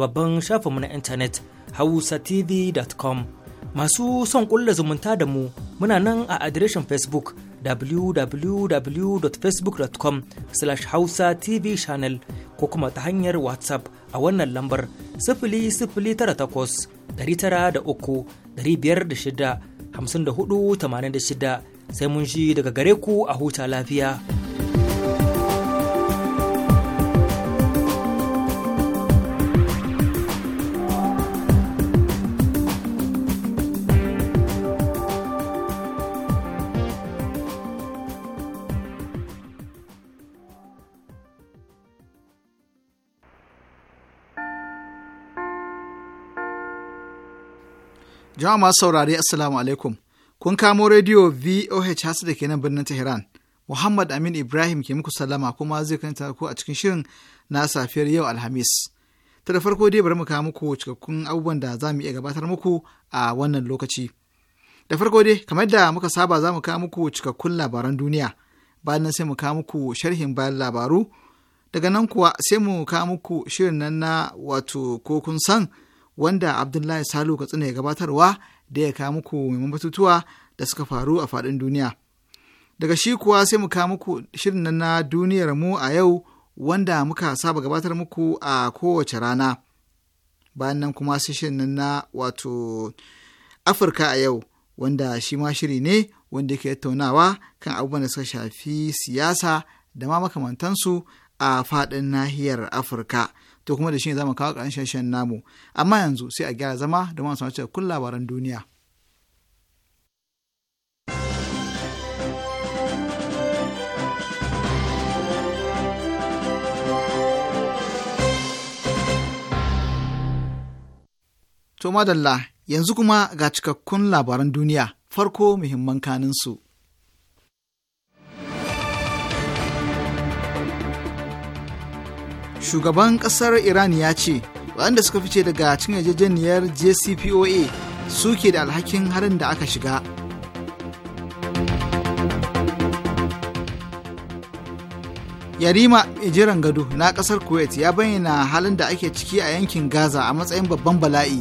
a babban shafinmu na intanet hausatv.com masu son kulla zumunta da mu muna nan a adireshin facebook www.facebook.com slash hausa tv channel ko kuma ta hanyar whatsapp a wannan lambar sifili sifili da tara uku shida hamsin sai mun ji daga gare ku a huta lafiya. Jama'a masu saurare Assalamu alaikum. Kun kamo rediyo VOH Hasu da ke nan birnin Tehran. Muhammad Amin Ibrahim ke muku sallama kuma zai kanta ku a cikin shirin na safiyar yau Alhamis. Ta da farko dai bari mu kawo muku cikakkun abubuwan da za mu iya gabatar muku a wannan lokaci. Da farko dai kamar da muka saba za mu kawo muku cikakkun labaran duniya. Bayan nan sai mu kawo muku sharhin bayan labaru. Daga nan kuwa sai mu kawo muku shirin nan na wato ko kun san wanda Abdullahi Salu Katsina ya gabatarwa da ya kawo muku mai batutuwa da suka faru a faɗin duniya. Daga shi kuwa sai mu kawo muku shirin na duniyar mu a yau wanda muka saba gabatar muku a kowace rana. Bayan nan kuma sai shirin na wato Afirka a yau wanda shi ma shiri ne wanda yake tattaunawa kan abubuwan da suka shafi siyasa da ma makamantansu a faɗin nahiyar Afirka. to kuma da shi ne zamu kawo ƙarshen shashen namu amma yanzu sai a gyara zama da masu sanar kun labaran duniya. To madalla yanzu kuma ga cikakkun labaran duniya farko muhimman kaninsu. shugaban kasar iran ya ce waɗanda suka fice daga cikin yarjejeniyar jcpoa suke da alhakin harin da aka shiga yarima jiran gado na kasar kuwait ya bayyana halin da ake ciki a yankin gaza a matsayin babban bala'i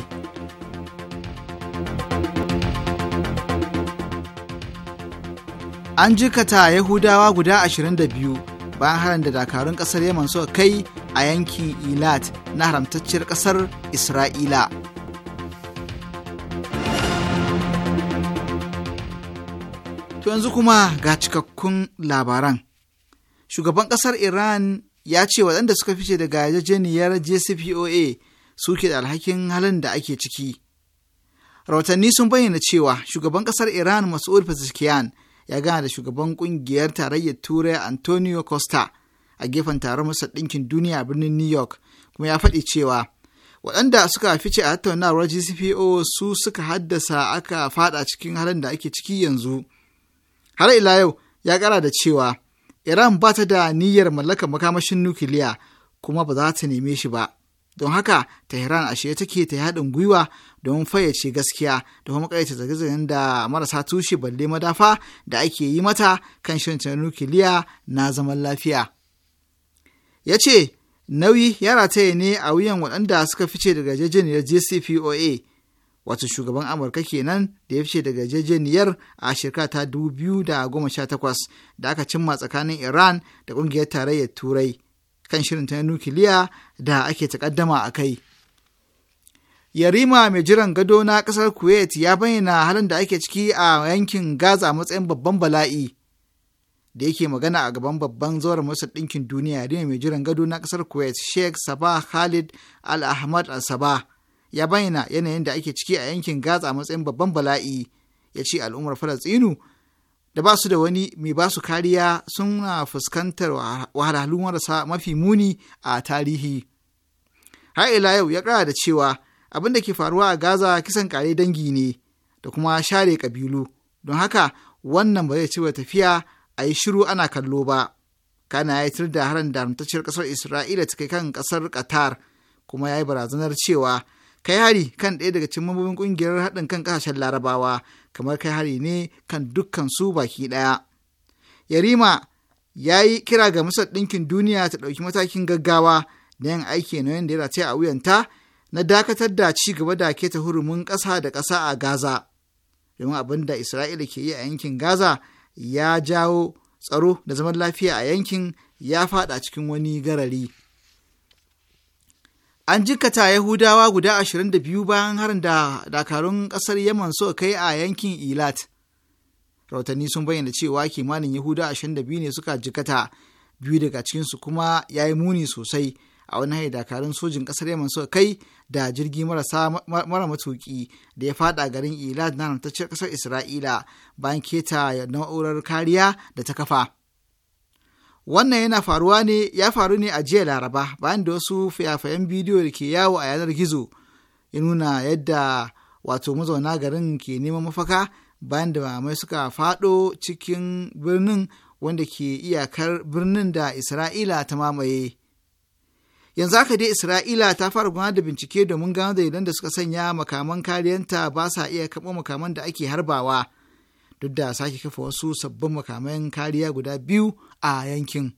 an jikata yahudawa guda 22 bayan harin da dakarun kasar yaman suka kai a yankin Ilat na haramtacciyar ƙasar Isra'ila. To yanzu kuma ga cikakkun labaran. Shugaban ƙasar Iran ya ce waɗanda suka fice daga yajeniyar JCPOA suke da alhakin halin da ake ciki. Rahotanni sun bayyana cewa shugaban ƙasar Iran Mas'ud Pezeshkian ya gana da shugaban ƙungiyar tarayyar Turai Antonio Costa a gefen taron masa Ɗinkin Duniya a birnin New York kuma ya faɗi cewa waɗanda suka fice a tattaunawar GCPO su suka haddasa aka faɗa cikin halin da ake ciki yanzu. Har ila yau ya ƙara da cewa Iran ba ta da niyyar mallakar makamashin nukiliya kuma ba za ta neme shi ba. Don haka Tehran a take ta yi haɗin gwiwa don fayyace gaskiya da kuma ƙayyata zarge-zargen da marasa tushe balle madafa da ake yi mata kan shirin nukiliya na zaman lafiya. ya ce nauyi ya rataye ne a wuyan waɗanda suka fice daga jejeniyar jcpoa wato shugaban amurka kenan da ya fice daga jejeniyar a shekara ta 2018 da aka cimma tsakanin iran da ƙungiyar tarayyar turai kan shirin ta nukiliya da ake takaddama a kai yarima mai jiran gado na ƙasar kuwait ya bayyana halin da ake ciki a yankin gaza matsayin babban bala'i da yake magana a gaban babban zauren masar ɗinkin duniya da mai jiran gado na ƙasar kuwait sheikh sabah khalid al ahmad al sabah ya bayyana yanayin da ake ciki a yankin gaza matsayin babban bala'i ya ce al'ummar falastinu da ba su da wani mai ba su kariya suna fuskantar wahalhalun marasa mafi muni a tarihi har ila yau ya kara da cewa abin da ke faruwa a gaza kisan kare dangi ne da kuma share kabilu don haka wannan ba zai ci tafiya a yi shiru ana kallo ba kana ya tir da harin damtacciyar ƙasar isra'ila ta kai kan ƙasar qatar kuma ya yi barazanar cewa kai hari kan ɗaya daga cikin mambobin ƙungiyar haɗin kan ƙasashen larabawa kamar kai hari ne kan dukkan su baki ɗaya yarima ya yi kira ga masar ɗinkin duniya ta ɗauki matakin gaggawa da yin aiki na yadda ya rataya a wuyanta na dakatar da ci gaba da keta hurumin ƙasa da ƙasa a gaza domin abin da isra'ila ke yi a yankin gaza ya jawo tsaro da zaman lafiya a yankin ya fada cikin wani garari. An jikata Yahudawa guda 22 bayan harin da dakarun ƙasar Yaman suka kai a yankin Ilat. Rautanni sun bayyana cewa kimanin Yahuda 22 ne suka jikata, biyu daga cikinsu kuma ya yi muni sosai a wani haida dakarun sojin kasar yaman suka kai da jirgi mara matuki da ya fada garin ilad na rantacciyar kasar isra'ila bayan keta na'urar kariya da ta kafa wannan yana faruwa ne ya faru ne a jiya laraba bayan da wasu fayafayen bidiyo da ke yawo a yanar gizo ya nuna yadda wato mazauna garin ke neman mafaka bayan da mamai suka faɗo cikin birnin wanda ke iyakar birnin da isra'ila ta mamaye yanzu haka dai isra'ila ta fara gudanar da bincike domin gano dalilan da suka sanya makaman kariyanta ba sa iya kaɓo makaman da ake harbawa duk da sake kafa wasu sabbin makaman kariya guda biyu a yankin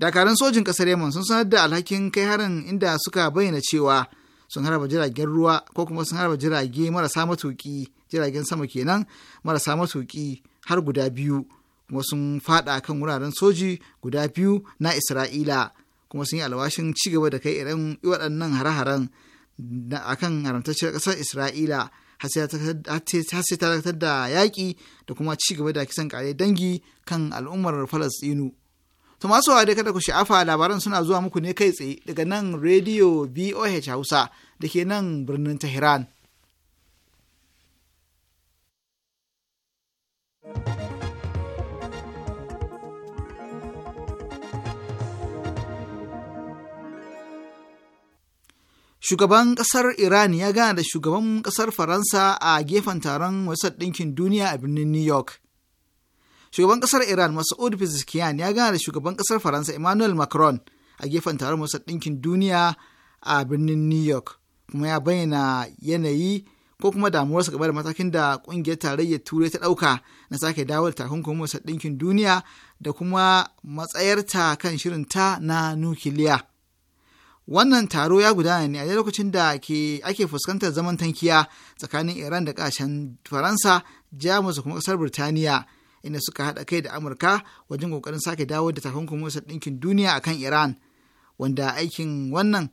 dakarun sojin ƙasar yaman sun sanar da alhakin kai harin inda suka bayyana cewa sun harba jiragen ruwa ko kuma sun harba jirage marasa matuƙi jiragen sama kenan marasa matuƙi har guda biyu kuma sun faɗa kan wuraren soji guda biyu na isra'ila kuma sun yi alwashin ci gaba da kai irin waɗannan hare-haren akan haramtacciyar ƙasar isra'ila har sai ta dakatar da yaƙi da kuma ci gaba da kisan ƙare dangi kan al'ummar falastinu to masu wa kada ku sha'afa labaran suna zuwa muku ne kai tsaye daga nan rediyo boh hausa da ke nan birnin tehran thank you Shugaban ƙasar Iran ya gana da shugaban ƙasar Faransa a gefen taron Majalisar Ɗinkin Duniya a birnin New York. Shugaban ƙasar Iran Masoud Fizikiyan ya gana da shugaban ƙasar Faransa Emmanuel Macron a gefen taron Majalisar Ɗinkin Duniya a birnin New York, kuma ya bayyana yanayi ko kuma damuwarsa game da matakin da ƙungiyar tarayyar Turai ta ɗauka na sake dawo da takunkumin Majalisar Ɗinkin Duniya da kuma matsayarta kan shirinta na nukiliya. wannan taro ya gudana ne a lokacin da ake fuskantar zaman tankiya tsakanin iran da kasashen faransa jamus da kuma kasar birtaniya inda suka haɗa kai da amurka wajen ƙoƙarin sake dawo da takunkumin wasu ɗinkin duniya akan iran wanda aikin wannan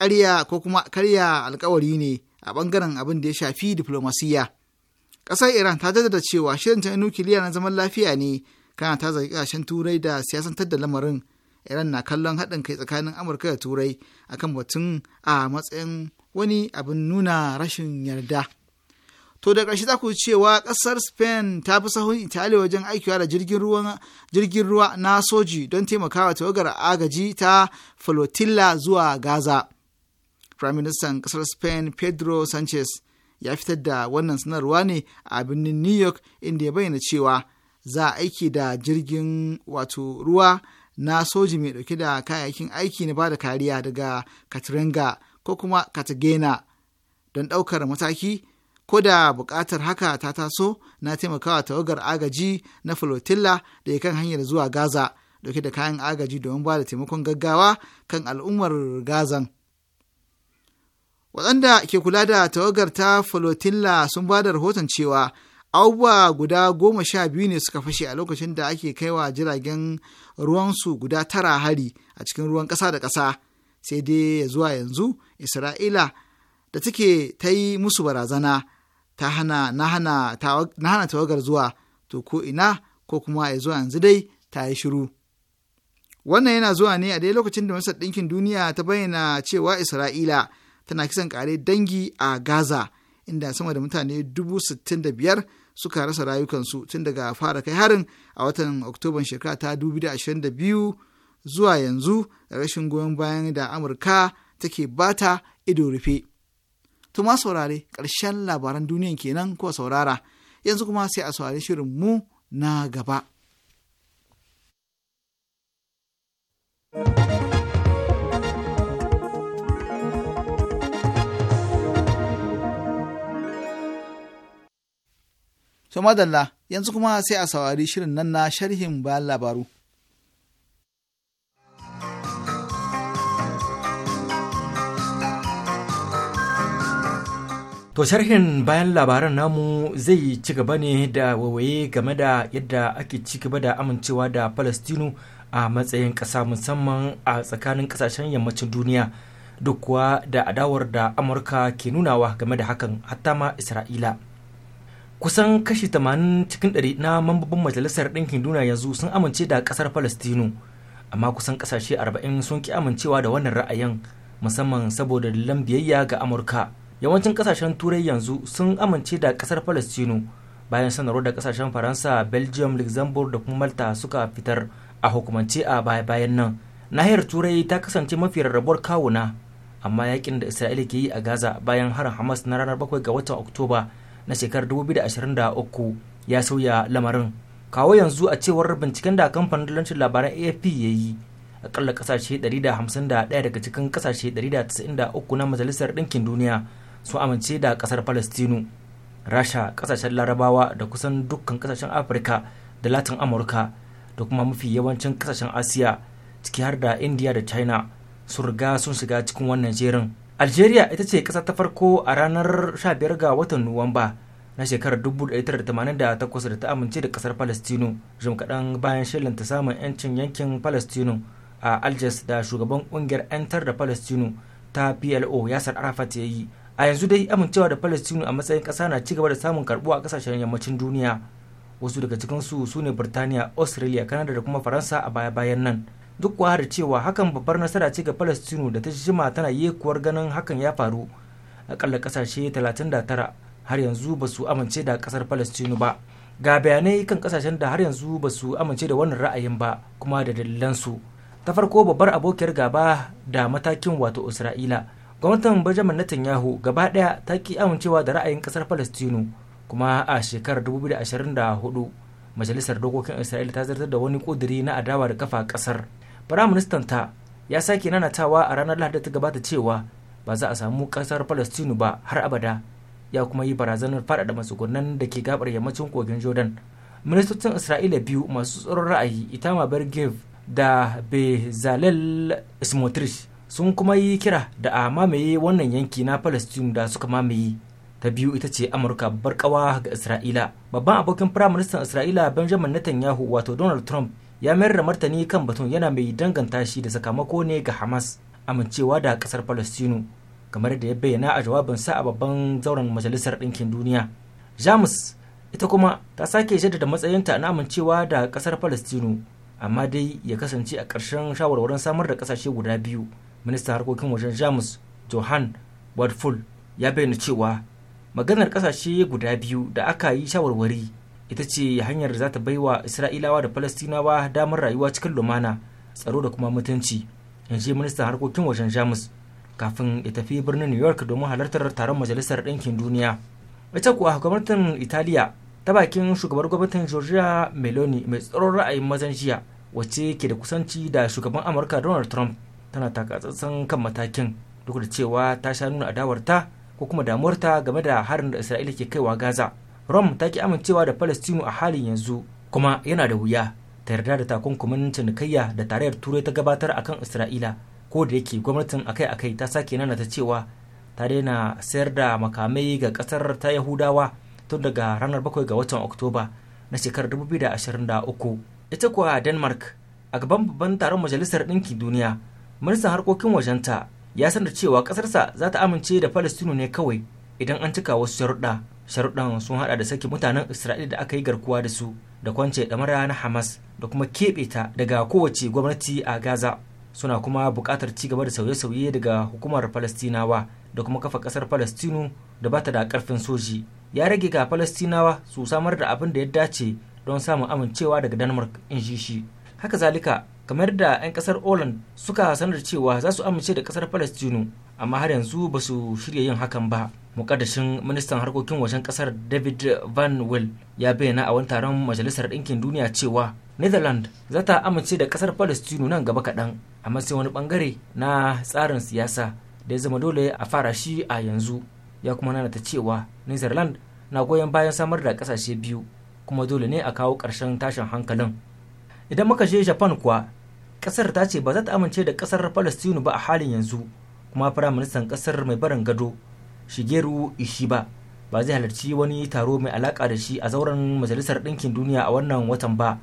karya ko kuma karya alkawari ne a ɓangaren abin da ya shafi diflomasiyya ƙasar iran ta jaddada cewa shirin ta nukiliya na zaman lafiya ne kana ta zargi ƙasashen turai da siyasantar da lamarin iran na kallon haɗin kai tsakanin amurka da turai akan batun a matsayin wani abin nuna rashin yarda to da ƙarshe za ku cewa ƙasar spain ta fi sahun italiya wajen aikiwa da jirgin ruwa na soji don taimakawa tawagar agaji ta flotilla zuwa gaza prime minister ƙasar spain pedro sanchez ya fitar da wannan sanarwa ne a birnin new york inda ya bayyana cewa za a aiki da jirgin wato ruwa na soji mai ɗauke da kayayyakin aiki na bada kariya daga katringa ko kuma katagena don ɗaukar mataki ko da buƙatar haka ta taso na taimakawa tawagar agaji na flotilla da ya kan hanyar zuwa gaza ɗauke da kayan agaji domin bada taimakon gaggawa kan al'ummar gazan waɗanda ke kula da tawagar ta flotilla sun ba da rahoton cewa abubuwa guda goma sha biyu ne suka fashe a lokacin da ake kaiwa jiragen ruwansu guda tara hari a cikin ruwan ƙasa da ƙasa sai dai ya zuwa yanzu isra'ila da take ta yi musu barazana ta hana na hana tawagar zuwa to ko ina ko kuma ya zuwa yanzu dai ta yi shiru wannan yana zuwa ne a dai lokacin da masar ɗinkin duniya ta bayyana cewa isra'ila tana kisan kare dangi a gaza inda sama da mutane dubu sittin da biyar suka rasa rayukansu tun daga fara kai harin a watan oktoban shekara ta 2022 zuwa yanzu rashin goyon bayan da amurka take bata ido rufe tuma saurare ƙarshen labaran duniyan kenan ko saurara yanzu kuma sai a saurari shirin mu na gaba. To madalla yanzu kuma sai a saurari shirin nan na sharhin bayan labaru. To sharhin bayan labaran namu zai ci gaba ne da wawaye game da yadda ake ci gaba da amincewa da Falastinu a matsayin ƙasa musamman a tsakanin ƙasashen yammacin duniya duk kuwa da adawar da Amurka ke nunawa game da hakan hatta ma Isra'ila. kusan kashi 80 cikin 100 na mambobin majalisar ɗinkin duniya yanzu sun amince da ƙasar palestino amma kusan ƙasashe 40 sun ki amincewa da wannan ra'ayin musamman saboda dalilan biyayya ga amurka yawancin ƙasashen turai yanzu sun amince da ƙasar palestino bayan sanarwar da ƙasashen faransa belgium luxembourg da kuma malta suka fitar a hukumance a baya bayan nan nahiyar turai ta kasance mafi rarrabuwar kawuna amma yakin da isra'ila ke yi a gaza bayan harin hamas na ranar 7 ga watan oktoba na shekarar 2023 ya sauya lamarin kawo yanzu a cewar binciken da kamfanin dalancin labaran afp ya yi akalla kasashe 151 daga cikin kasashe 193 na majalisar ɗinkin duniya sun amince da kasar palestinu rasha kasashen larabawa da kusan dukkan kasashen afirka da latin amurka da kuma mafi yawancin kasashen asiya ciki har da india da china sun riga sun shiga cikin wannan jerin algeria ita ce kasa ta farko a ranar 15 ga watan nuwamba na shekarar 1988 da ta amince da kasar palestino jim kaɗan bayan shirin ta samun 'yancin yankin palestino a algiers da shugaban ƙungiyar 'yantar da palestino ta plo yasar arafat ya yi a yanzu dai amincewa da palestino a matsayin ƙasa na ci gaba da samun karɓuwa a ƙasashen yammacin duniya wasu daga cikinsu su ne birtaniya australia canada da kuma faransa a baya-bayan nan duk kuwa da cewa hakan babbar nasara ce ga palestino da ta jima tana yekuwar ganin hakan ya faru akalla kasashe 39 har yanzu ba su amince da kasar palestino ba ga bayanai kan kasashen da har yanzu ba su amince da wannan ra'ayin ba kuma da dalilansu ta farko babbar abokiyar gaba da matakin wato isra'ila gwamnatin benjamin netanyahu gaba daya ta ki amincewa da ra'ayin kasar palestino kuma a shekarar 2024 majalisar dokokin isra'ila ta zartar da wani kuduri na adawa da kafa kasar firaministan ta ya sake nanatawa a ranar lahadi ta gabata cewa ba za a samu kasar palestinu ba har abada ya kuma yi barazanar faɗaɗa matsugunan da ke gabar yammacin kogin jordan ministocin isra'ila biyu masu tsoron ra'ayi itama bergev da bezalel smotrich sun kuma yi kira da a mamaye wannan yanki na palestinu da suka mamaye ta biyu ita ce amurka barkawa ga isra'ila babban abokin firaministan isra'ila benjamin netanyahu wato donald trump ya mayar da martani kan batun yana mai danganta shi da sakamako ne ga hamas amincewa da kasar palestino kamar da ya bayyana a jawabinsa a babban zauren majalisar ɗinkin duniya jamus ita kuma ta sake jaddada matsayinta na amincewa da kasar palestino amma dai ya kasance a ƙarshen shawarwarin samar da ƙasashe guda biyu ministan harkokin wajen jamus johan wadful ya bayyana cewa maganar ƙasashe guda biyu da aka yi shawarwari ita ce hanyar da za ta baiwa isra'ilawa da falastinawa damar rayuwa cikin lumana tsaro da kuma mutunci in ji ministan harkokin wajen jamus kafin ya tafi birnin new york domin halartar taron majalisar ɗinkin duniya ita kuwa gwamnatin italiya ta bakin shugabar gwamnatin georgia meloni mai tsaron ra'ayin mazan jiya wacce ke da kusanci da shugaban amurka donald trump tana takatsantsan kan matakin duk da cewa ta sha nuna adawarta ko kuma damuwarta game da harin da isra'ila ke kaiwa gaza rom ta ki amincewa da palestinu a halin yanzu kuma yana da wuya ta yarda da takunkumin cinikayya da tarayyar turai ta gabatar akan isra'ila ko da yake gwamnatin akai-akai ta sake nana ta cewa ta daina sayar da makamai ga kasar ta yahudawa tun daga ranar 7 ga watan oktoba na shekarar 2023 ita kuwa denmark a gaban babban taron majalisar ɗinki duniya ministan harkokin wajenta ya sanar cewa ƙasarsa za ta amince da falastinu ne kawai idan an cika wasu sharuɗa sharuɗan sun hada da saki mutanen isra'ila da aka yi garkuwa da su da kwance ɗamara na hamas da kuma keɓe ta daga kowace gwamnati a gaza suna kuma buƙatar ci gaba da sauye-sauye daga hukumar falastinawa da kuma kafa ƙasar falastinu da bata da ƙarfin soji ya rage ga falastinawa su samar da abin da ya dace don samun amincewa daga denmark in ji shi haka zalika kamar da 'yan kasar Oland suka sanar cewa za su amince da kasar falastinu amma har yanzu ba su shirya yin hakan ba. mukaddashin ministan harkokin wajen kasar david van will ya bayyana a wani taron majalisar ɗinkin duniya cewa netherland za ta amince da kasar palestino nan gaba kaɗan amma sai wani bangare na tsarin siyasa da ya zama dole a fara shi a yanzu ya kuma nana ta cewa netherland na goyon bayan samar da kasashe biyu kuma dole ne a kawo ƙarshen tashin hankalin idan muka je japan kuwa kasar ta ce ba za ta amince da kasar palestino ba a halin yanzu kuma firaministan kasar mai barin gado shigeru ishiba ba zai halarci wani taro mai alaka da shi a zauren majalisar ɗinkin duniya a wannan watan ba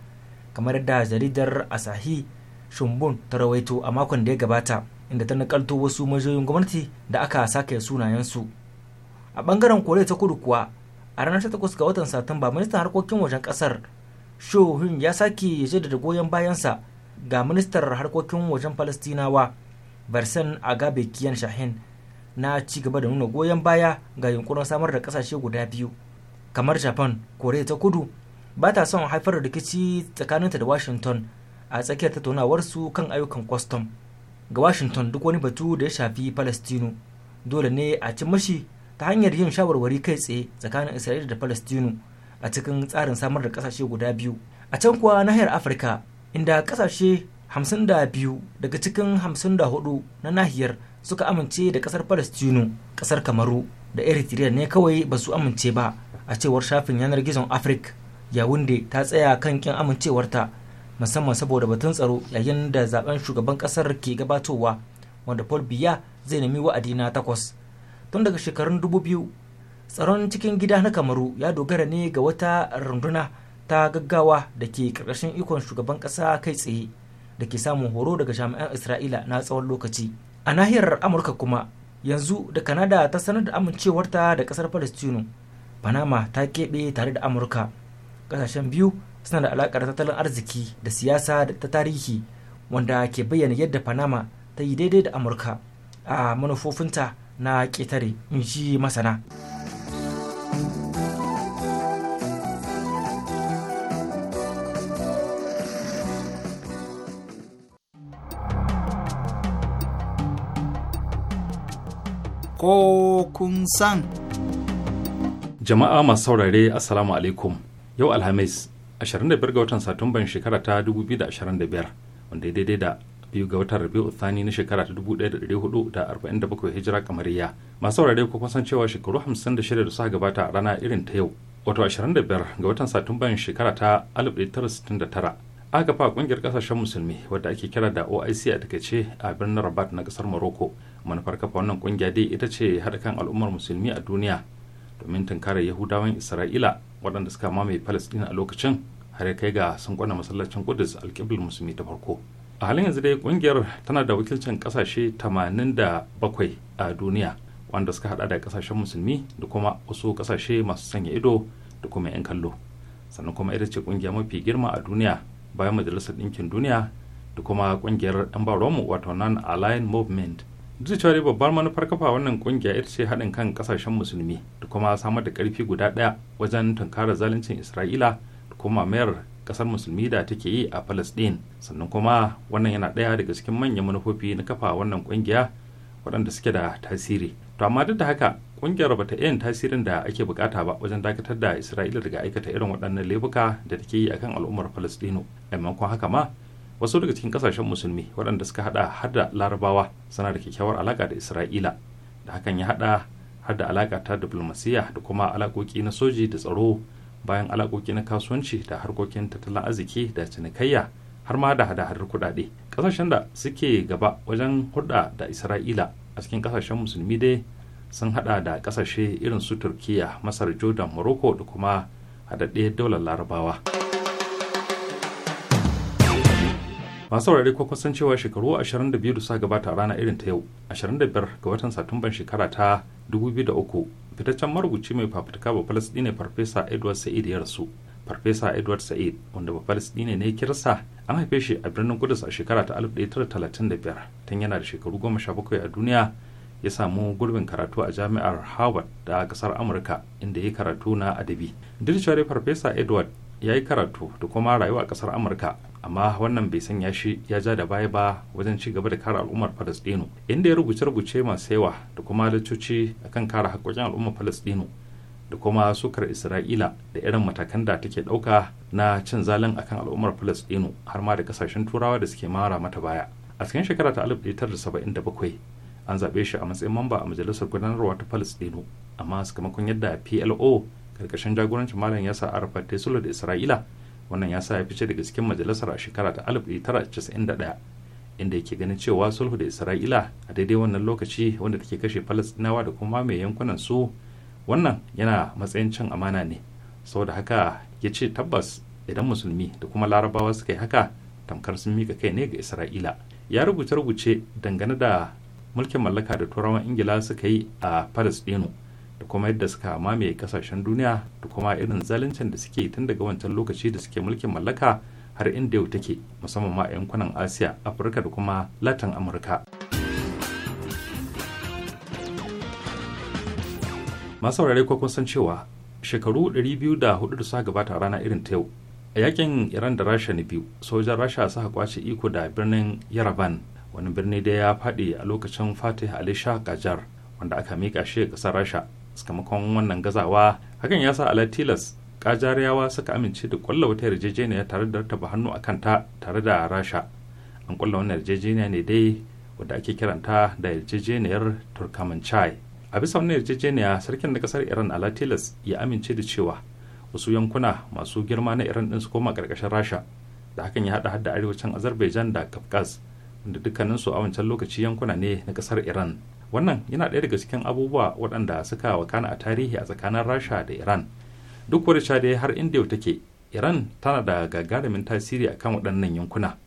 kamar yadda jaridar asahi shumbun ta rawaito a makon da ya gabata inda ta nakalto wasu majiyoyin gwamnati da aka sake sunayensu a ɓangaren koriya ta kudu kuwa a ranar takwas ga watan satumba ministan harkokin wajen ƙasar shohun ya sake yaje jaddada goyon bayansa ga ministar harkokin wajen falastinawa barsan agabe kiyan shahin na ci gaba da nuna goyon baya ga yunkurin samar da kasashe guda biyu kamar japan kore ta kudu ba ta son haifar da rikici tsakaninta da washington a tsakiyar tattaunawarsu kan ayyukan kwastam ga washington duk wani batu da ya shafi palestino dole ne a ci mashi ta hanyar yin shawarwari kai tsaye tsakanin isra'ila da palestino a cikin tsarin samar da kasashe guda biyu a can kuwa nahiyar afirka inda kasashe 52 daga cikin 54 na nahiyar suka amince da kasar palestino kasar kamaru da eritrea ne kawai ba su amince ba a cewar shafin yanar gizon afrik yawunde ta tsaya kan kin amincewarta musamman saboda batun tsaro yayin da zaben shugaban kasar ke gabatowa wanda paul biya zai nemi wa'adi na takwas tun daga shekarun dubu biyu tsaron cikin gida na kamaru ya dogara ne ga wata runduna ta gaggawa da ke karkashin ikon shugaban kasa kai tsaye da ke samun horo daga jami'an isra'ila na tsawon lokaci a nahiyar amurka kuma yanzu da kanada ta sanar da amincewarta da kasar palestino panama ta keɓe tare da amurka ƙasashen biyu suna da alaƙar tattalin arziki da siyasa da ta tarihi wanda ke bayyana yadda panama ta yi daidai da amurka a manufofinta na ƙetare in ji masana. ko kun san. Jama'a masu saurare Assalamu alaikum yau Alhamis 25 ga watan Satumban shekara ta 2025 wanda ya daidai da biyu ga watan Rabiu Thani na shekara ta 1447 hijira kamariya. Masu saurare ko san cewa shekaru 56 da suka gabata a rana irin ta yau wato 25 ga watan Satumban shekara ta 1969 aka fa kungiyar kasashen musulmi wadda ake kira da oic a takaice a birnin rabat na kasar morocco manufar kafa wannan kungiya dai ita ce haɗa kan al'ummar musulmi a duniya domin tunkara yahudawan isra'ila waɗanda suka mamaye palestina a lokacin har ya kai ga sun kwana masallacin kudus alƙiblar musulmi ta farko a halin yanzu dai kungiyar tana da wakilcin da bakwai a duniya wanda suka haɗa da kasashen musulmi da kuma wasu ƙasashe masu sanya ido da kuma 'yan kallo sannan kuma ita ce kungiya mafi girma a duniya bayan majalisar ɗinkin duniya da kuma kungiyar 'yan baronmu wato non-aligned movement duk cewa babbar manufar kafa wannan kungiya ita ce haɗin kan kasashen musulmi da kuma samar da ƙarfi guda ɗaya wajen tunkarar zaluncin isra'ila da kuma mayar ƙasar musulmi da take yi a palestine sannan kuma wannan yana ɗaya daga cikin manyan manufofi na kafa wannan kungiya waɗanda suke da tasiri to amma duk da haka kungiyar ba ta yin tasirin da ake bukata ba wajen dakatar da isra'ila daga aikata irin waɗannan laifuka da take yi akan al'ummar palestino maimakon haka ma wasu daga cikin kasashen musulmi waɗanda suka hada har da larabawa suna da kyakkyawar alaka da isra'ila da hakan ya hada har da alaka ta diplomasiya da kuma alakoki na soji da tsaro bayan alakoki na kasuwanci da harkokin tattalin arziki da cinikayya har ma da hada-hadar kuɗaɗe kasashen da suke gaba wajen hulɗa da isra'ila a cikin kasashen musulmi dai sun hada da kasashe irin su turkiya masar jordan morocco da kuma haɗaɗɗe daular larabawa. masu saurare ko kusan cewa shekaru 22 da suka gabata a rana irin ta yau 25 ga watan satumban shekara ta 2003 fitaccen marubuci mai fafutuka ba falasdine farfesa edward sa'id ya rasu farfesa edward sa'id wanda ba falasdine ne kirsa an haife shi a birnin gudus a shekara ta 1935 tun yana da shekaru 17 a duniya ya samu gurbin karatu a jami'ar harvard da kasar amurka inda ya karatu na adabi duk farfesa edward ya yi karatu da kuma rayuwa a kasar amurka amma wannan bai sanya shi ya ja da baya ba wajen ci gaba da kare al'ummar falastinu inda ya rubuce rubuce masu yawa da kuma a akan kare haƙƙoƙin al'ummar falastinu da kuma sukar isra'ila da irin matakan da take ɗauka na cin zalin akan al'ummar falastino har ma da kasashen turawa da suke mara mata baya a cikin shekara ta 1977 an zaɓe shi a matsayin mamba a majalisar gudanarwa ta falastino amma sakamakon yadda plo karkashin jagorancin malam yasa arafat da isra'ila wannan ya sa ya fice daga cikin majalisar a shekara ta 1991 inda yake ganin cewa sulhu da isra'ila a daidai wannan lokaci wanda take kashe falastinawa da kuma mai yankunan su wannan yana matsayin cin amana ne saboda haka ya ce tabbas idan musulmi da kuma larabawa suka yi haka tamkar sun mika kai ne ga isra'ila ya rubuce rubuce dangane da mulkin mallaka da turawan ingila suka yi a falastinu da kuma yadda suka mamaye kasashen duniya da kuma irin zaluncin da suke tun daga wancan lokaci da suke mulkin mallaka har inda yau take musamman ma yankunan asiya afirka da kuma latin amurka masu saurare kun san cewa shekaru 204 da suka gabata rana irin ta yau a yakin iran da rasha na biyu sojan rasha suka kwace iko da birnin yaraban wani birni da ya faɗi a lokacin fatih ali shah gajar wanda aka mika shi ga ƙasar rasha sakamakon wannan gazawa hakan ya sa alai tilas kajariyawa suka amince da kwallo wata yarjejeniya tare da rataba hannu a kanta tare da rasha an kwallo wannan yarjejeniya ne dai wadda ake kiranta da yarjejeniyar chai a bisa wannan yarjejeniya sarkin na kasar iran alatilas ya amince da cewa wasu yankuna masu girma na iran din su koma karkashin rasha da hakan ya hada hada arewacin azerbaijan da kafkas wanda dukkaninsu a wancan lokaci yankuna ne na kasar iran wannan yana ɗaya daga cikin abubuwa waɗanda suka wakana a tarihi a tsakanin rasha da iran duk wadda sha dai har inda yau take iran tana da gagarumin tasiri akan waɗannan yankuna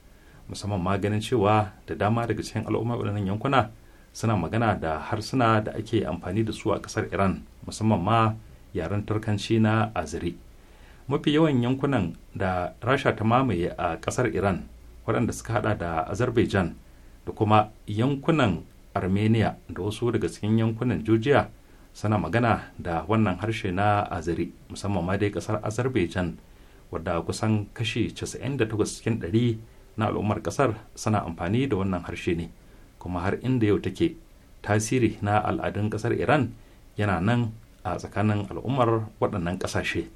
musamman ma ganin cewa da dama daga cikin al'umma waɗannan yankuna suna magana da harsuna da ake amfani da su a ƙasar iran musamman ma yaren turkanci na aziri mafi yawan yankunan da rasha ta mamaye a ƙasar iran waɗanda suka hada da azerbaijan da kuma yankunan armenia da wasu daga cikin yankunan georgia suna magana da wannan harshe na azeri musamman ma dai kasar azerbaijan wadda kusan kashi 98 cikin 100 na al'ummar kasar suna amfani da wannan harshe ne kuma har inda yau take tasiri na al'adun kasar iran yana nan a tsakanin al'ummar waɗannan ƙasashe.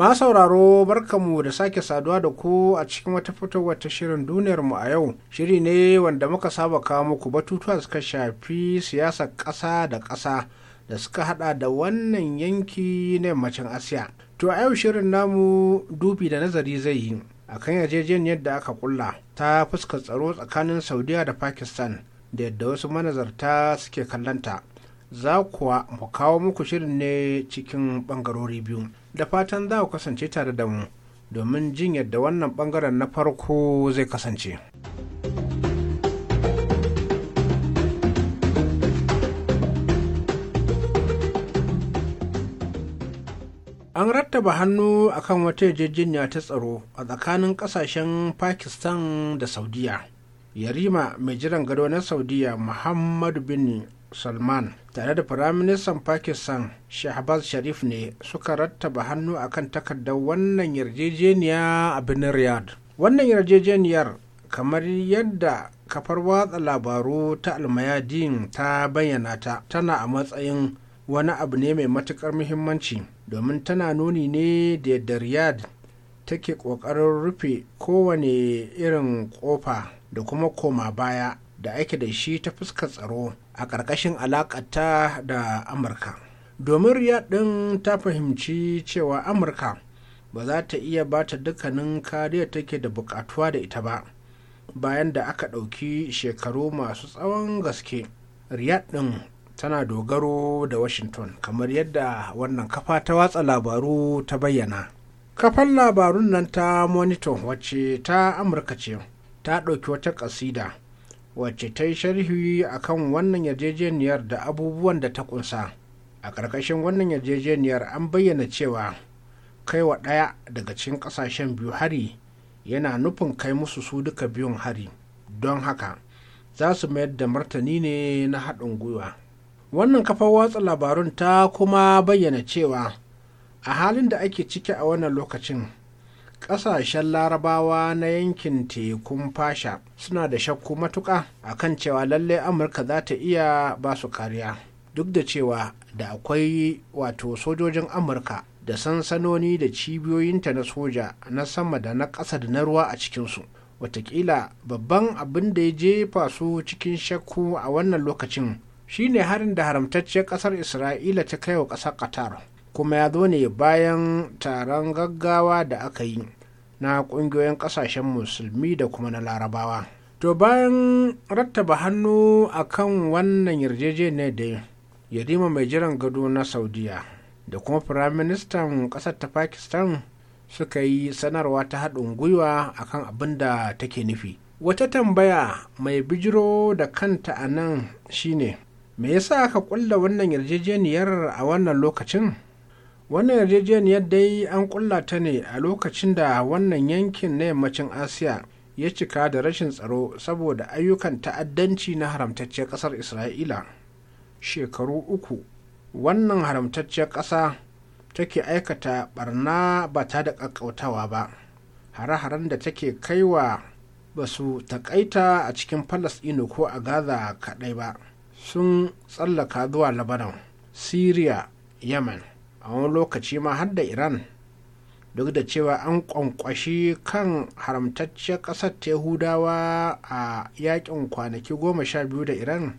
Ma sauraro barkamu da sake saduwa da ku a cikin wata fitowar ta shirin duniyar mu a yau. Shiri ne wanda muka saba kawo muku batutuwa suka shafi siyasar ƙasa da ƙasa da suka hada da wannan yanki na yammacin Asiya. To a yau shirin namu dubi da nazari zai yi a kan yarjejeniyar da aka kulla ta fuskar tsaro tsakanin Saudiya da Pakistan da yadda wasu manazarta suke kallanta. Za kuwa mu kawo muku shirin ne cikin ɓangarori biyu. da fatan za ku kasance tare da mu domin jin yadda wannan bangaren na farko zai kasance. An rattaba hannu akan wata yarjejeniya ta tsaro a tsakanin kasashen Pakistan da Saudiya. Yarima mai jiran gado na Saudiya Muhammadu bin Salman tare da firaministan pakistan shahbaz sharif ne suka rattaba hannu a kan takardar wannan yarjejeniya a birnin riyadh wannan yarjejeniyar kamar yadda kafar watsa labaru ta almayadin ta bayyana ta tana a matsayin wani abu ne mai matukar muhimmanci domin tana nuni ne da yadda riyadh take kokarin rufe kowane irin kofa da kuma koma baya da ake da shi ta fuskar tsaro a ƙarƙashin alaƙata da amurka domin riyat ɗin ta fahimci cewa amurka ba za ta iya ba ta dukkanin kariya take da buƙatuwa da ita ba bayan da aka ɗauki shekaru masu tsawon gaske riyad ɗin tana dogaro da washington kamar yadda wannan kafa ta watsa labaru ta bayyana kafan labarun nan ta monitor wacce ta amurka ce ta ɗauki wata ƙasida wacce ta yi sharhi a kan wannan yarjejeniyar da abubuwan da ta kunsa a ƙarƙashin wannan yarjejeniyar an bayyana cewa kai wa ɗaya daga cikin ƙasashen biyu hari yana nufin kai musu su duka biyun hari don haka za su mayar da martani ne na haɗin gwiwa wannan kafar watsa labarun ta kuma bayyana cewa a halin da ake ciki a wannan lokacin ƙasashen larabawa na yankin tekun fasha suna da shakku matuƙa A kan cewa lallai amurka za ta iya ba su kariya duk da cewa da akwai wato sojojin amurka da sansanoni da cibiyoyinta na soja na sama da na ƙasa da na ruwa a cikinsu watakila babban abin da ya jefa su cikin shakku a wannan lokacin shine harin da haramtacciyar ƙasar isra'ila ta kai wa ƙasar qatar kuma ya zo ne bayan taron gaggawa da aka yi na ƙungiyoyin ƙasashen musulmi da kuma na larabawa to bayan rattaba hannu a kan wannan yarjejeniyar da yarima mai jiran gado na saudiya da kuma firaministan ƙasar ta pakistan suka yi sanarwa ta haɗin gwiwa akan abin da take nufi wata tambaya mai bijiro da kanta a nan shine me yasa aka ƙulla wannan yarjejeniyar a wannan lokacin wannan yarjejeniyar dai an kulla ta ne a lokacin da wannan yankin na yammacin asiya ya cika da rashin tsaro saboda ayyukan ta'addanci na haramtacciyar ƙasar isra'ila shekaru uku wannan haramtacciyar ƙasa take aikata barna ba ta da ƙaƙƙautawa ba hare-haren da take kaiwa ba su takaita a cikin falasɗinu ko a gaza kaɗai ba sun tsallaka zuwa labanan syria yemen a wani lokaci ma har da iran duk da cewa an kwankwashi kan haramtacciyar ƙasar yahudawa a yakin kwanaki goma sha biyu da iran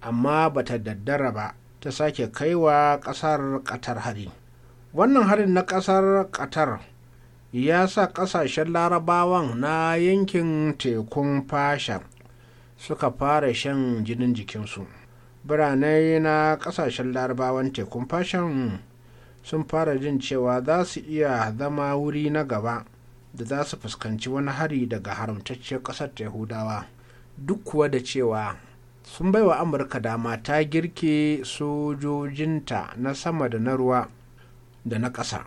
amma bata daddara ba ta sake kaiwa ƙasar ƙatar hari wannan harin na ƙasar ƙatar ya sa ƙasashen larabawan na yankin tekun fasha suka fara shan jinin jikinsu birane na ƙasashen larabawan tekun fashan sun fara jin cewa za su iya zama wuri na gaba da za su fuskanci wani hari daga haramtacciyar ƙasar ta yahudawa duk kuwa da cewa sun baiwa amurka dama ta girke sojojinta na sama da na ruwa da na ƙasa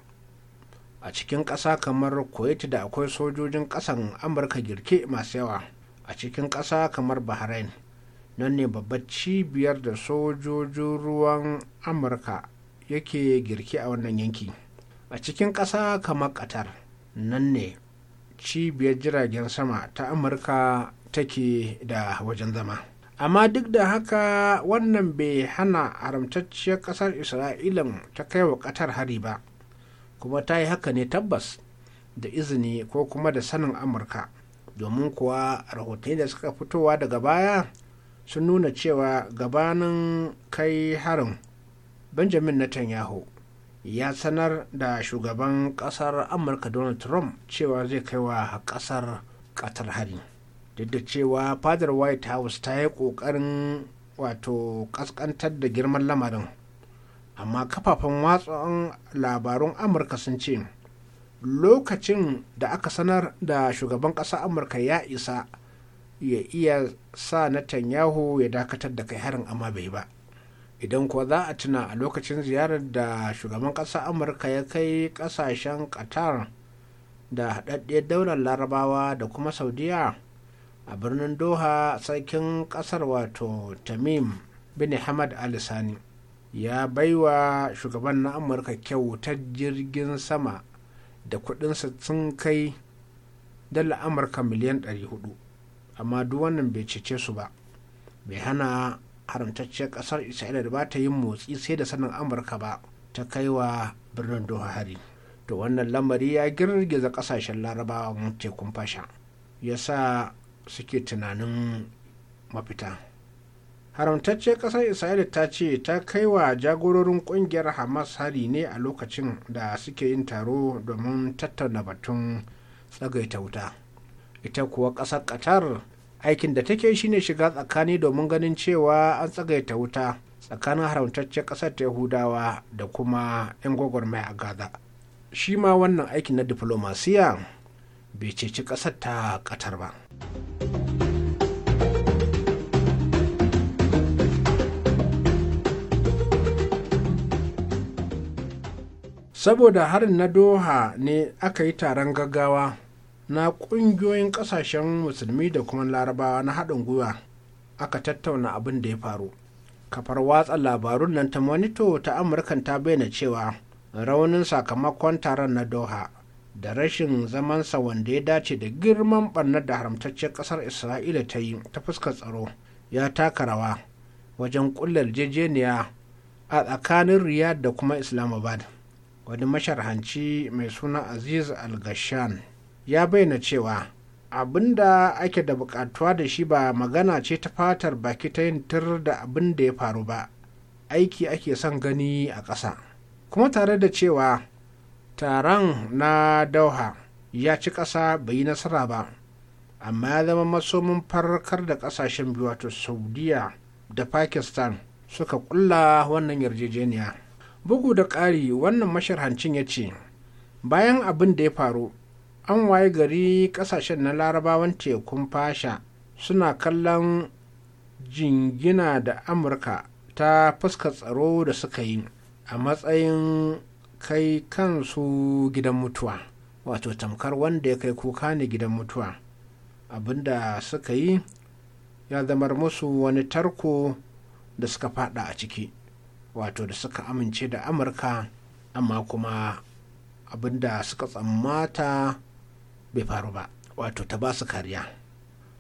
a cikin ƙasa kamar kuwait da akwai sojojin ƙasan amurka girke masu yawa a cikin ƙasa kamar bahrain nan ne babbar cibiyar da sojojin ruwan amurka yake girki a wannan yanki a cikin ƙasa kamar ƙatar nan ne cibiyar jiragen sama ta amurka take da wajen zama amma duk da haka wannan bai hana haramtacciyar ƙasar isra'ilan ta kai wa ƙatar hari ba kuma ta yi haka ne tabbas da izini ko kuma da sanin amurka domin kuwa rahotanni da suka fitowa daga baya sun nuna cewa gabanin kai harin benjamin netanyahu ya sanar da shugaban kasar amurka donald trump cewa zai kai wa kasar katar hari duk da cewa fadar white house ta yi kokarin wato kaskantar da girman lamarin amma kafafen watsan labarun amurka sun ce lokacin da aka sanar da shugaban ƙasar amurka ya isa ya iya sa netanyahu ya dakatar da kai harin amma bai ba idan kuwa za a tuna a lokacin ziyarar da shugaban ƙasa amurka ya kai ƙasashen qatar da haɗaɗɗiyar daular larabawa da kuma saudiya a birnin doha sarkin ƙasar wato tamim bin hamad alisani ya baiwa shugaban na amurka kyautar jirgin sama da kudinsa sun kai dala amurka miliyan 400 amma duk wannan bai cece su ba bai hana haramtacciyar kasar isra'ila da ba ta yin motsi sai da sanin amurka ba ta kai wa birnin doha hari to wannan lamari ya girgiza kasashen larabawa mun tekun fasha ya sa suke tunanin mafita haramtacciyar kasar isra'ila ta ce ta kai wa jagororin kungiyar hamas hari ne a lokacin da suke yin taro domin tattauna batun tsagaita wuta ita kuwa ƙasar qatar aikin da take shine shiga tsakani domin ganin cewa an tsagaita wuta tsakanin haramtaccen ƙasar ta yahudawa da kuma 'yan gwagwarmaya a gaza shi ma wannan aikin na diflomasiya bai ceci ƙasar ta ƙatar ba saboda harin na doha ne aka yi taron gaggawa na ƙungiyoyin ƙasashen musulmi da kuma larabawa na haɗin gwiwa aka tattauna abin da ya faru kafar watsa labarun nan ta monito ta amurkan ta bayyana cewa raunin sakamakon taron na doha da rashin zaman sa wanda ya dace da girman ɓarnar da haramtaccen ƙasar isra'ila ta yi ta fuska tsaro ya taka rawa wajen ƙulla jejeniya a tsakanin riyad da kuma islamabad wani masharhanci mai suna aziz al-gashan ya bayyana cewa abin da ake da bukatuwa da shi ba magana ce ta fatar baki ta yin tir da abin da ya faru ba aiki ake son gani a ƙasa kuma tare da cewa taron na dauha ya ci ƙasa bai yi nasara ba amma ya zama masomin farkar da ƙasashen biyu wato saudiya da pakistan suka kulla wannan yarjejeniya bugu da ƙari wannan masharhancin ya ce bayan abin da ya faru an waye gari kasashen na larabawan tekun fasha suna kallon jingina da amurka ta fuska tsaro da suka yi a matsayin kai kansu gidan mutuwa wato tamkar wanda ya kai kuka ne gidan mutuwa abinda suka yi ya zamar musu wani tarko da suka fada a ciki wato da suka amince da amurka amma kuma abinda suka tsammata bai faru ba wato ta ba su kariya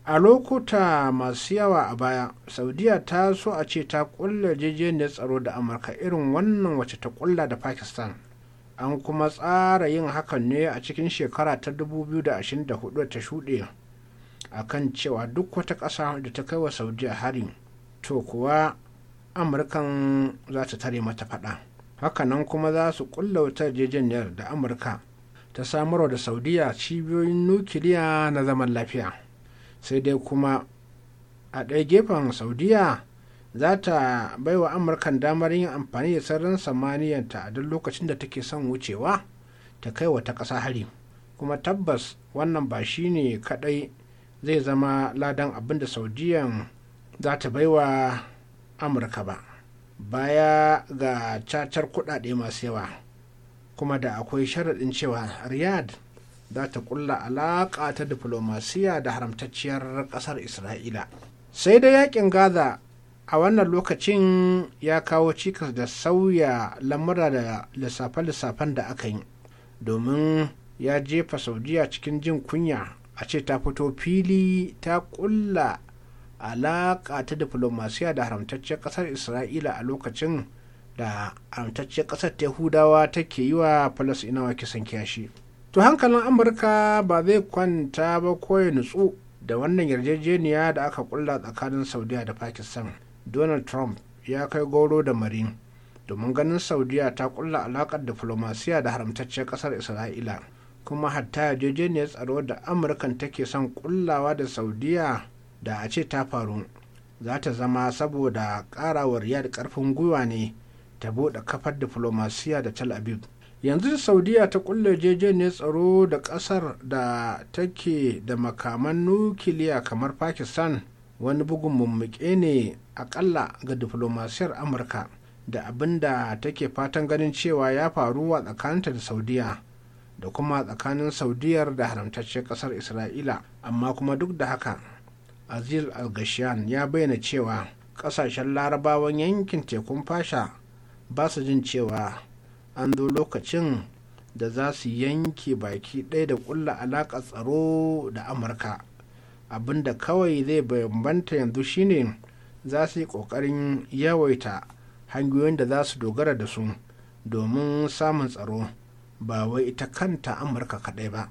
a lokuta masu yawa a baya saudiya ta so a ce ta kulla jejeniyar tsaro da amurka irin wannan wacce ta kulla da pakistan an kuma tsara yin hakan ne a cikin shekara ta 2024 ta shuɗe a kan cewa duk wata ƙasa da ta kai wa saudiya hari to kuwa amurkan za ta tare mata faɗa hakanan kuma za su kulla wata jejeniyar da amurka ta samarwa da saudiya cibiyoyin nukiliya na zaman lafiya sai dai kuma a ɗaya gefen saudiya za ta bai wa amurkan damar yin amfani da sararin samaniyanta a duk lokacin da take son wucewa ta kai ta ƙasa hari kuma tabbas wannan ba shi ne kaɗai zai zama ladan abin da saudiyan za ta bai wa amurka ba baya ga cacar kuɗaɗe masu yawa kuma da akwai sharaɗin cewa riyadh za ta kulla alaƙa ta diflomasiya da haramtacciyar ƙasar isra'ila sai dai yakin gaza a wannan lokacin ya kawo cikas da sauya lamura da lissafe-lissafen da aka yi domin ya jefa saudiya cikin jin kunya a ce ta fito fili ta kulla alaƙa ta diflomasiya da haramtacciyar ƙasar isra'ila a lokacin da amtacciyar ƙasar ta yahudawa take yi wa falasinawa kisan kiyashi to hankalin amurka ba zai kwanta ba ko ya nutsu da wannan yarjejeniya da aka kulla tsakanin saudiya da pakistan donald trump ya kai goro da marin domin ganin saudiya ta kulla alakar diflomasiya da haramtacciyar ƙasar isra'ila kuma hatta yarjejeniyar tsaro da amurkan take son kullawa da saudiya da a ce ta faru za ta zama saboda karawar yadda karfin gwiwa ne ta buɗe kafar diflomasiya da tel aviv yanzu saudiya ta kulle ne tsaro da ƙasar da take da makaman nukiliya kamar pakistan wani bugun mummuke ne akalla ga diflomasiyar amurka da abin da take fatan ganin cewa ya faru a tsakaninta da saudiya da kuma tsakanin saudiyar da haramtacce kasar isra'ila amma kuma duk da haka aziz al ya bayyana cewa kasashen larabawan yankin tekun fasha ba su jin cewa an zo lokacin da za su yanke baki ɗaya da ƙulla alaƙa tsaro da amurka abinda kawai zai bambanta yanzu shine za su yi ƙoƙarin yawaita hanyoyin da za su dogara da su domin samun tsaro ba wai ita kanta amurka kaɗai ba.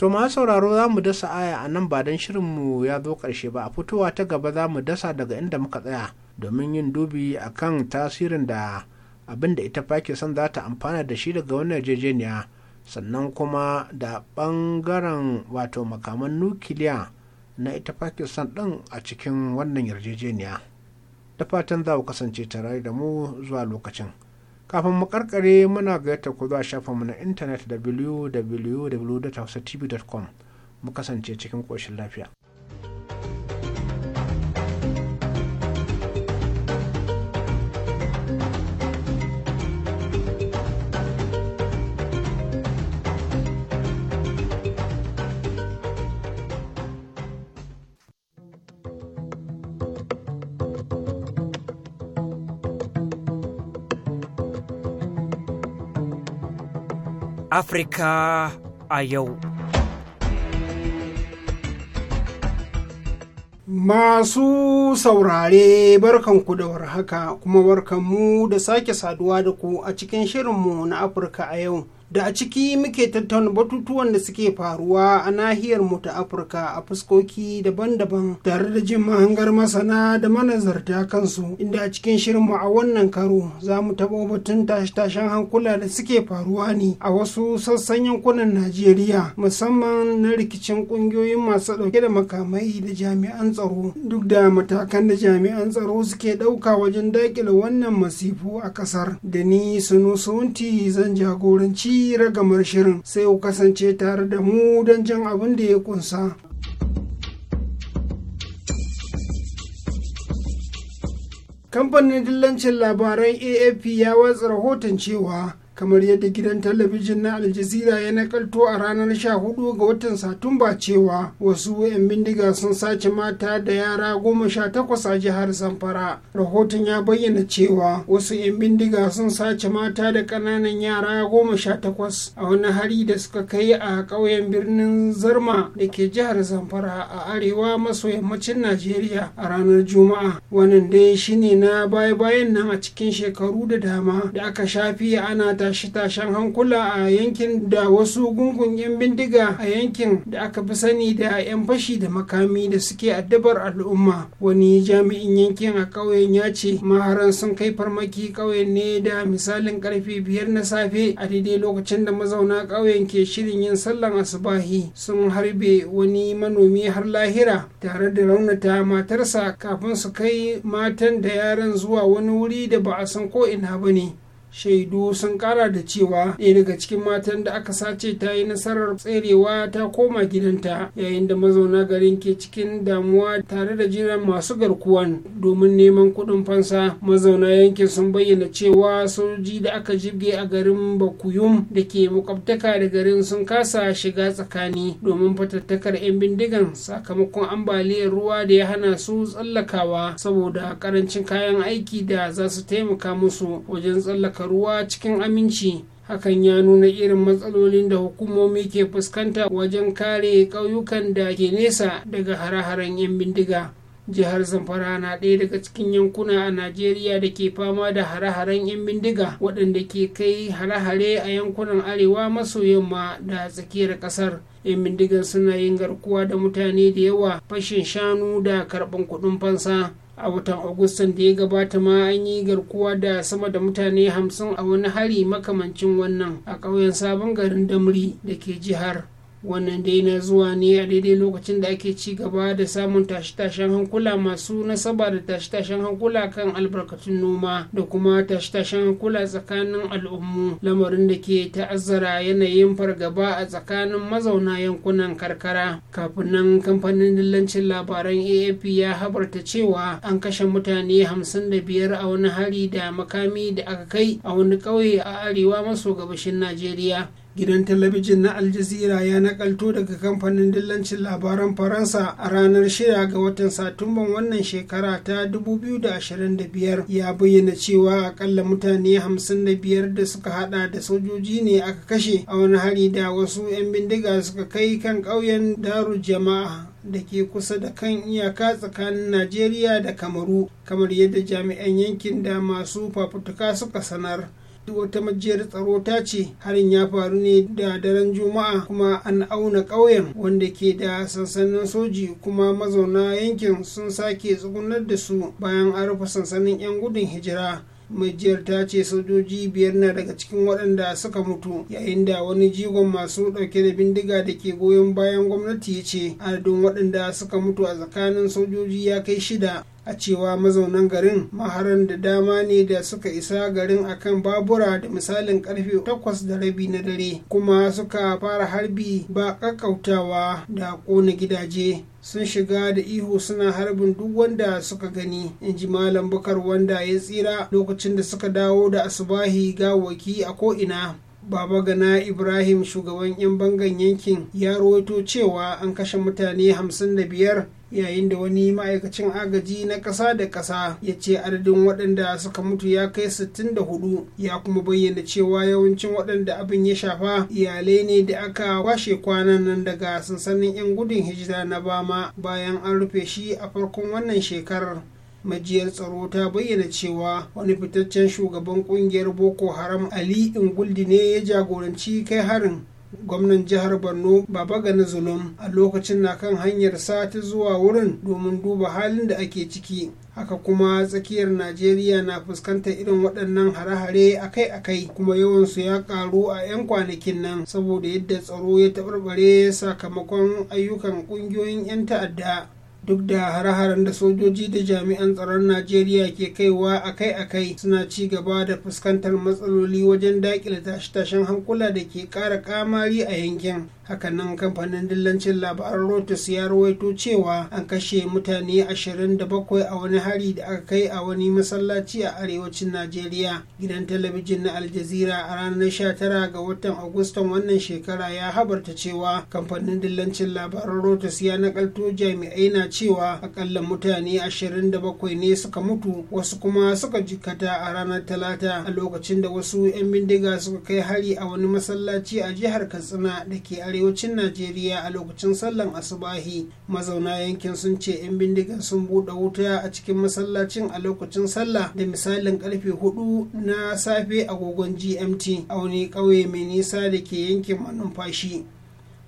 To ma sauraro za mu dasa aya a nan ba don shirinmu ya zo ƙarshe ba a fitowa ta gaba za mu dasa daga inda muka tsaya domin yin dubi a kan tasirin da abin da ita Pakistan za ta amfana da shi daga wannan yarjejeniya sannan kuma da ɓangaren wato makaman nukiliya na ita Pakistan ɗin a cikin wannan yarjejeniya. Da fatan za ku kasance tare da mu zuwa lokacin. kafin mu karkare muna gayyata ku zuwa shafinmu na intanet www.hausatv.com mu kasance cikin koshin lafiya Afirka a yau. Masu saurare barkanku da warhaka kuma mu da sake saduwa da ku a cikin shirinmu na Afirka a yau. da a ciki muke tattauna batutuwan da suke faruwa a nahiyar mu ta afirka a fuskoki daban-daban tare da jin mahangar masana da manazarta kansu inda a cikin shirin mu a wannan karo za mu taɓo batun tashe-tashen hankula da suke faruwa ne a wasu sassan yankunan najeriya musamman na rikicin ƙungiyoyin masu ɗauke da makamai da jami'an tsaro duk da matakan da jami'an tsaro suke ɗauka wajen daƙile wannan masifu a ƙasar da ni sunusunti zan jagoranci hira gamar shirin sai ku kasance tare da mu don jan abin da ya kunsa. kamfanin dillancin labaran afp ya watsa rahoton cewa kamar yadda gidan talabijin na aljazira ya nakalto a ranar 14 ga watan satumba cewa wasu 'yan bindiga sun sace mata da yara goma sha takwas a jihar zamfara rahoton ya bayyana cewa wasu 'yan bindiga sun sace mata da ƙananan yara goma sha takwas a wani hari da suka kai a ƙauyen birnin zarma da ke jihar zamfara a arewa maso yammacin najeriya a ranar juma'a wannan dai shine na baya-bayan nan a cikin shekaru da dama da aka shafi ana ta tashe-tashen hankula a yankin da wasu gungun 'yan bindiga a yankin da aka fi sani da 'yan fashi da makami da suke addabar al'umma wani jami'in yankin a ƙauyen ya ce maharan sun kai farmaki ƙauyen ne da misalin karfe biyar na safe a daidai lokacin da mazauna ƙauyen ke shirin yin sallan asubahi sun harbe wani manomi har lahira tare da raunata matarsa kafin su kai matan da yaran zuwa wani wuri da ba a san ko ina ba ne shaidu sun kara da cewa ɗaya daga cikin matan da aka sace ta yi nasarar tserewa ta koma gidanta yayin da mazauna garin ke cikin damuwa tare da jiran masu garkuwan domin neman kuɗin fansa mazauna yankin sun bayyana cewa sojoji da aka jibge a garin bakuyum da ke makwabtaka da garin sun kasa shiga tsakani domin fatattakar 'yan bindigan sakamakon ambaliyar ruwa da ya hana su tsallakawa saboda karancin kayan aiki da za su taimaka musu wajen tsallaka ruwa, cikin aminci hakan ya nuna irin matsalolin da hukumomi ke fuskanta wajen kare ƙauyukan da ke nesa daga hare-haren 'yan bindiga jihar zamfara na ɗaya daga cikin yankuna a najeriya da ke fama da hare-haren 'yan bindiga waɗanda ke kai hare-hare a yankunan arewa maso yamma da tsakiyar ƙasar 'yan bindigan suna yin garkuwa da mutane da yawa fashin shanu da karɓan kuɗin fansa a watan agustan da ya gabata ma an yi garkuwa da sama da mutane hamsin a wani hari makamancin wannan a ƙauyen sabon garin damri da ke jihar wannan dai na zuwa ne a daidai lokacin da ake ci gaba da samun tashe-tashen hankula masu nasaba da tashe-tashen hankula kan albarkatun noma da kuma tashe-tashen hankula tsakanin al'ummu lamarin da ke ta'azzara yanayin fargaba a tsakanin mazauna yankunan karkara kafin nan kamfanin dillancin labaran afp ya habarta cewa an kashe mutane 55 a wani hari da makami da aka kai a wani ƙauye a arewa maso gabashin najeriya gidan talabijin na aljazira ya nakalto daga kamfanin dillancin labaran faransa a ranar shida ga watan satumban wannan shekara ta 2025 ya bayyana cewa akalla mutane 55 da suka hada da sojoji ne aka kashe a wani hari da wasu 'yan bindiga suka kai kan ƙauyen daru jama'a da ke kusa da kan iyaka tsakanin najeriya da kamaru kamar yadda jami'an yankin da masu fafutuka suka sanar duk wata majiyar tsaro ta ce harin ya faru ne da daren juma'a kuma an auna ƙauyen wanda ke da sansanin soji kuma mazauna yankin sun sake tsugunar da su bayan an rufe sansanin 'yan gudun hijira majiyar ta ce sojoji biyar na daga cikin waɗanda suka mutu yayin da wani jigon masu ɗauke da bindiga da ke goyon bayan gwamnati ya ce adadin waɗanda suka mutu a tsakanin sojoji ya kai shida a cewa mazaunan garin maharan da dama ne da suka isa garin akan babura da misalin karfe takwas da rabi na dare kuma suka fara harbi ba kakkautawa da kona gidaje sun shiga da ihu suna harbin duk wanda suka gani in ji malam bukar wanda ya tsira lokacin da suka dawo da asubahi gawaki a ko'ina Baba Gana Ibrahim shugaban 'yan bangan yankin ya rawaito cewa an kashe mutane hamsin da biyar. yayin da wani ma'aikacin agaji na ƙasa da ƙasa ya ce adadin waɗanda suka mutu ya kai 64 ya kuma bayyana cewa yawancin waɗanda abin ya shafa iyalai ne da aka washe kwanan nan daga sansanin 'yan gudun hijira na bama bayan an rufe shi a farkon wannan shekarar majiyar tsaro ta bayyana cewa wani fitaccen shugaban kungiyar boko haram ali inguldi ne ya jagoranci kai harin gwamnan jihar borno baba gani zulum a lokacin na kan hanyar sati zuwa wurin domin duba halin da ake ciki haka kuma tsakiyar najeriya na fuskantar irin waɗannan hare-hare akai-akai kuma yawansu ya karu a 'yan kwanakin nan saboda yadda tsaro ya taɓarɓare sakamakon ayyukan ƙungiyoyin 'yan ta'adda duk da hare-haren da sojoji da jami'an tsaron najeriya ke kaiwa akai-akai suna ci gaba da fuskantar matsaloli wajen daƙile tashe-tashen hankula da ke ƙara kamari a yankin hakanan kamfanin dillancin labaran Reuters ya rawaito cewa an kashe mutane 27 a wani hari da aka kai a wani masallaci a arewacin Najeriya gidan talabijin na Aljazeera a ranar 19 ga watan Agustan wannan shekara ya habarta cewa kamfanin dillancin labaran Reuters ya nakalto jami'ai na cewa akalla mutane 27 ne suka mutu wasu kuma suka jikata a ranar talata a lokacin da wasu 'yan bindiga suka kai hari a wani masallaci a jihar Katsina da ke are arewacin najeriya a lokacin sallan asubahi mazauna yankin sun ce 'yan bindigar sun buɗe wuta a cikin masallacin a lokacin sallah da misalin karfe 4 na safe agogon gmt a wani ƙauye mai nisa da ke yankin manumfashi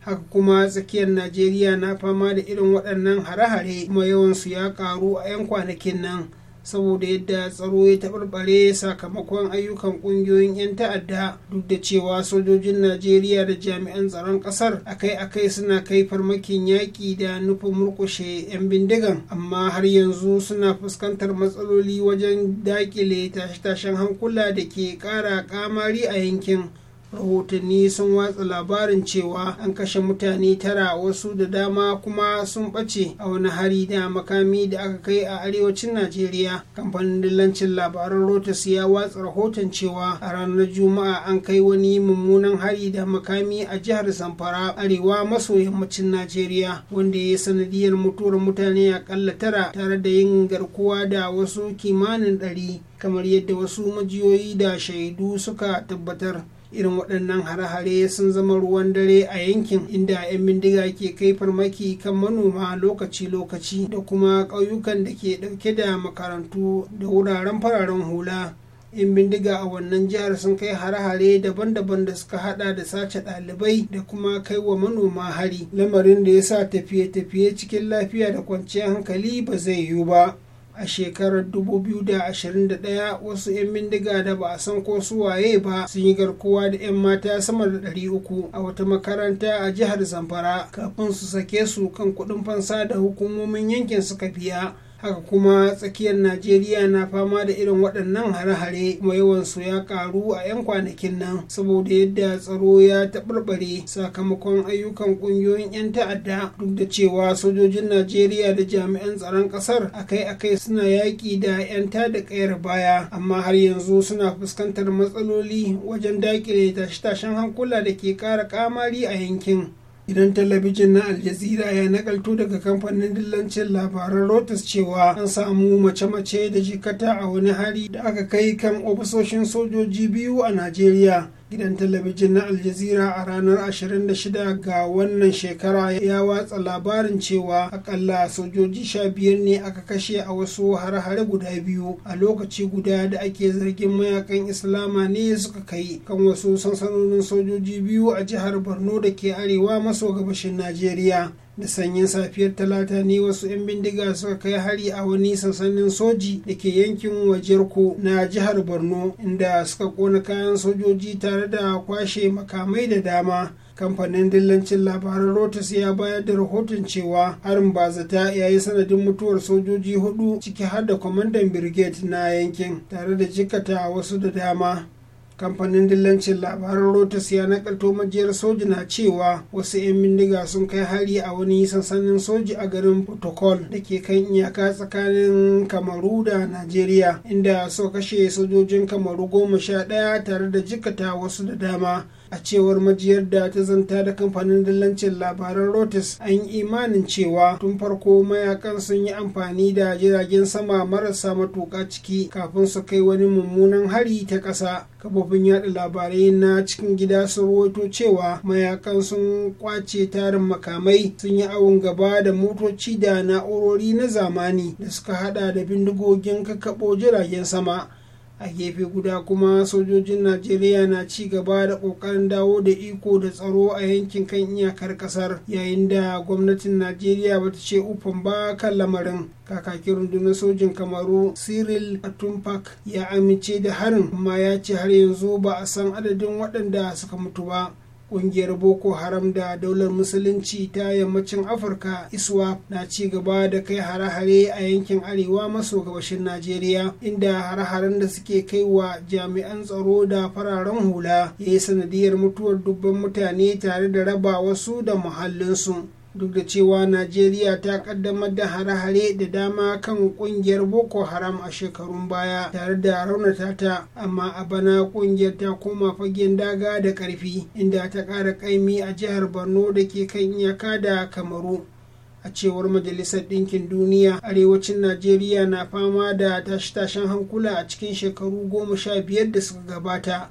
haka kuma tsakiyar najeriya na fama da irin waɗannan hare-hare kuma yawansu ya ƙaru a 'yan kwanakin nan saboda yadda tsaro ya taɓarɓare sakamakon ayyukan ƙungiyoyin 'yan ta'adda duk da cewa sojojin najeriya da jami'an tsaron ƙasar akai-akai suna kai farmakin yaƙi da nufin murkushe 'yan bindigan amma har yanzu suna fuskantar matsaloli wajen daƙile tashe-tashen hankula da ke ƙara ƙamari a yankin rahotanni sun watsa labarin cewa an kashe mutane tara wasu da dama kuma sun ɓace a wani hari da makami da aka kai a arewacin najeriya kamfanin dillancin labaran rotas ya watsa rahoton cewa a ranar juma'a an kai wani mummunan hari da makami a jihar zamfara arewa maso yammacin najeriya wanda ya yi sanadiyar mutuwar mutane akalla tara tare da yin garkuwa da wasu kimanin ɗari kamar yadda wasu majiyoyi da shaidu suka tabbatar irin waɗannan hare-hare sun zama ruwan dare a yankin inda 'yan bindiga ke kai farmaki kan manoma lokaci-lokaci da kuma ƙauyukan da ke ɗauke da makarantu da wuraren fararen hula 'yan bindiga a wannan jihar sun kai hare-hare daban-daban da suka hada da sace ɗalibai da kuma kai wa manoma hari lamarin da ya sa tafiye-tafiye cikin lafiya da kwanciyar hankali ba zai yiwu ba a shekarar 2021 wasu 'yan bindiga da ba a san ko su waye ba sun yi garkuwa da 'yan mata sama da 300 a wata makaranta a jihar zamfara kafin su sake su kan kuɗin fansa da hukumomin yankin suka biya haka kuma tsakiyar najeriya na fama da irin waɗannan hare-hare kuma yawansu ya karu a 'yan kwanakin nan saboda yadda tsaro ya taɓarɓare sakamakon ayyukan ƙungiyoyin 'yan ta'adda duk da cewa sojojin najeriya da jami'an tsaron ƙasar akai-akai suna yaƙi da 'yan da ƙayar baya amma har yanzu suna fuskantar matsaloli wajen daƙile tashe-tashen hankula da ke ƙara ƙamari a yankin gidan talabijin na aljazira ya nakalto daga kamfanin dillancin labaran rotas cewa an samu mace-mace da jikata a wani hari da aka kai kan ofisoshin sojoji biyu a najeriya gidan talabijin na aljazira a ranar 26 ga wannan shekara ya watsa labarin cewa akalla sojoji sha biyar ne aka kashe a wasu hare-hare guda biyu a lokaci guda da ake zargin mayakan islama ne suka kai kan wasu sansanonin sojoji biyu a jihar borno da ke arewa maso gabashin najeriya da sanyin safiyar talata ne wasu 'yan bindiga suka kai hari a wani sansanin soji da ke yankin wajerko na jihar borno inda suka kona kayan sojoji tare da kwashe makamai da dama kamfanin dillancin labaran rotus ya bayar da rahoton cewa harin bazata ya yi sanadin mutuwar sojoji hudu ciki har da kwamandan brigade na yankin tare da jikata wasu da dama kamfanin dillancin labaran rotas ya nakalto majiyar soji na cewa wasu 'yan bindiga sun kai hari a wani sansanin soji a garin protocol da ke kan iyaka tsakanin kamaru da najeriya inda suka kashe sojojin kamaru goma sha ɗaya tare da jikata wasu da dama a cewar majiyar da ta zanta da kamfanin dillancin labaran rotis an yi imanin cewa tun farko mayakan sun yi amfani da jiragen sama marasa matuƙa ciki kafin su kai wani mummunan hari ta ƙasa kafofin yada labarai na cikin gida sun rawaito cewa mayakan sun kwace tarin makamai sun yi awon gaba da motoci da na'urori na zamani da suka hada da bindigogin kakkaɓo jiragen sama a gefe guda kuma sojojin najeriya na ci gaba da kokarin dawo da iko da tsaro a yankin kan iyakar kasar yayin da gwamnatin najeriya bata ce ufan ba kan lamarin kakakin rundunar sojin kamaru cyril atumpak ya amince da harin amma ya ce har yanzu ba a san adadin waɗanda suka mutu ba Ƙungiyar boko haram da daular musulunci ta yammacin afirka iswa na ci gaba da kai hare-hare a yankin arewa maso gabashin najeriya inda hare-haren da suke kai wa jami'an tsaro da fararen hula ya yi sanadiyar mutuwar dubban mutane tare da raba wasu da muhallinsu duk da cewa najeriya ta kaddamar da hare-hare da dama kan kungiyar boko haram a shekarun baya tare da raunata ta amma a bana kungiyar ta koma fagen daga da karfi inda ta kara kaimi a jihar borno da ke kan iyaka da kamaru a cewar majalisar ɗinkin duniya arewacin najeriya na fama da tashe-tashen hankula a cikin shekaru goma sha biyar da suka gabata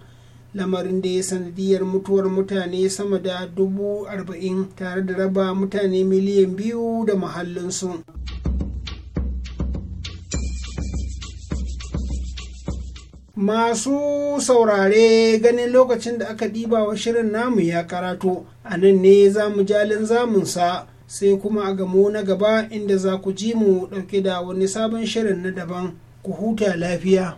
lamarin da ya sanadiyar mutuwar mutane sama da dubu arba'in tare da raba mutane miliyan biyu da mahallinsu. masu saurare ganin lokacin da aka ɗiba wa shirin namu ya karato a nan ne za mu jalin zamunsa sai kuma a gamo na gaba inda za ku ji mu ɗauke da wani sabon shirin na daban ku huta lafiya.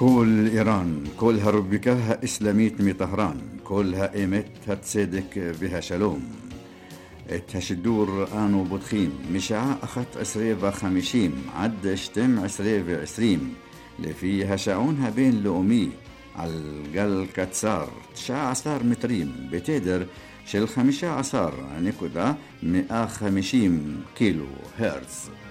كل إيران كلها ربكها إسلاميت مي طهران كلها إيمت هتصدق بها شلوم الدور آنو بطخيم مشاع أخت عسرية وخمشيم عد شتم عسرية وعسريم لفي هشعونها بين لؤمي على الجل كتسار تشاع عصار متريم بتدر عصار 15 مئة خمشيم كيلو هرتز